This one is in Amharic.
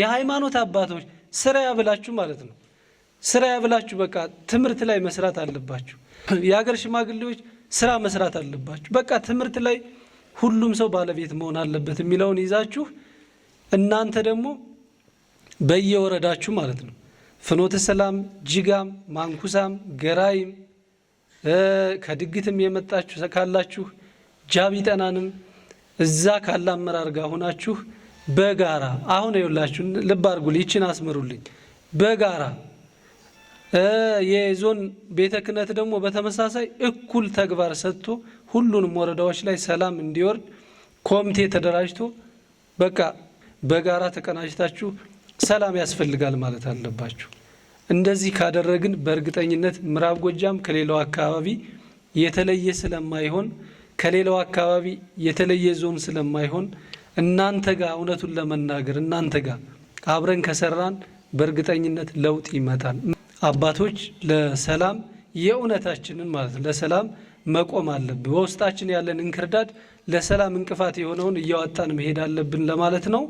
የሃይማኖት አባቶች ስራ ያብላችሁ ማለት ነው። ስራ ያብላችሁ። በቃ ትምህርት ላይ መስራት አለባችሁ። የሀገር ሽማግሌዎች ስራ መስራት አለባችሁ። በቃ ትምህርት ላይ ሁሉም ሰው ባለቤት መሆን አለበት የሚለውን ይዛችሁ እናንተ ደግሞ በየወረዳችሁ ማለት ነው ፍኖተ ሰላም፣ ጅጋም፣ ማንኩሳም፣ ገራይም ከድግትም የመጣችሁ ካላችሁ ጃቢ ጠናንም እዛ ካለ አመራር ጋር ሆናችሁ በጋራ አሁን ይኸውላችሁ ልብ አድርጉልኝ፣ ይችን አስምሩልኝ። በጋራ የዞን ቤተ ክህነት ደግሞ በተመሳሳይ እኩል ተግባር ሰጥቶ ሁሉንም ወረዳዎች ላይ ሰላም እንዲወርድ ኮሚቴ ተደራጅቶ በቃ በጋራ ተቀናጅታችሁ ሰላም ያስፈልጋል ማለት አለባችሁ። እንደዚህ ካደረግን በእርግጠኝነት ምዕራብ ጎጃም ከሌላው አካባቢ የተለየ ስለማይሆን ከሌላው አካባቢ የተለየ ዞን ስለማይሆን እናንተ ጋር እውነቱን ለመናገር እናንተ ጋር አብረን ከሰራን በእርግጠኝነት ለውጥ ይመጣል። አባቶች ለሰላም የእውነታችንን ማለት ነው ለሰላም መቆም አለብን። በውስጣችን ያለን እንክርዳድ ለሰላም እንቅፋት የሆነውን እያወጣን መሄድ አለብን ለማለት ነው።